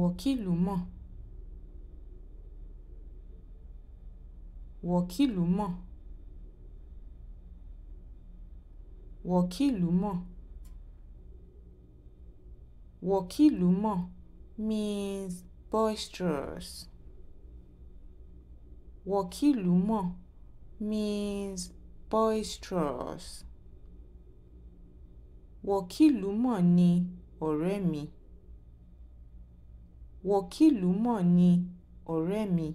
wọ́kìlù-mọ̀ wọ́kìlù-mọ̀ wọ́kìlù-mọ̀ wọ́kìlù-mọ̀ means boisterous wọ́kìlù-mọ̀ means boisterous wọ́kìlù-mọ̀ ni ọ̀rẹ́ mi wọ́kìlù mọ̀ ni ọ̀rẹ́ mi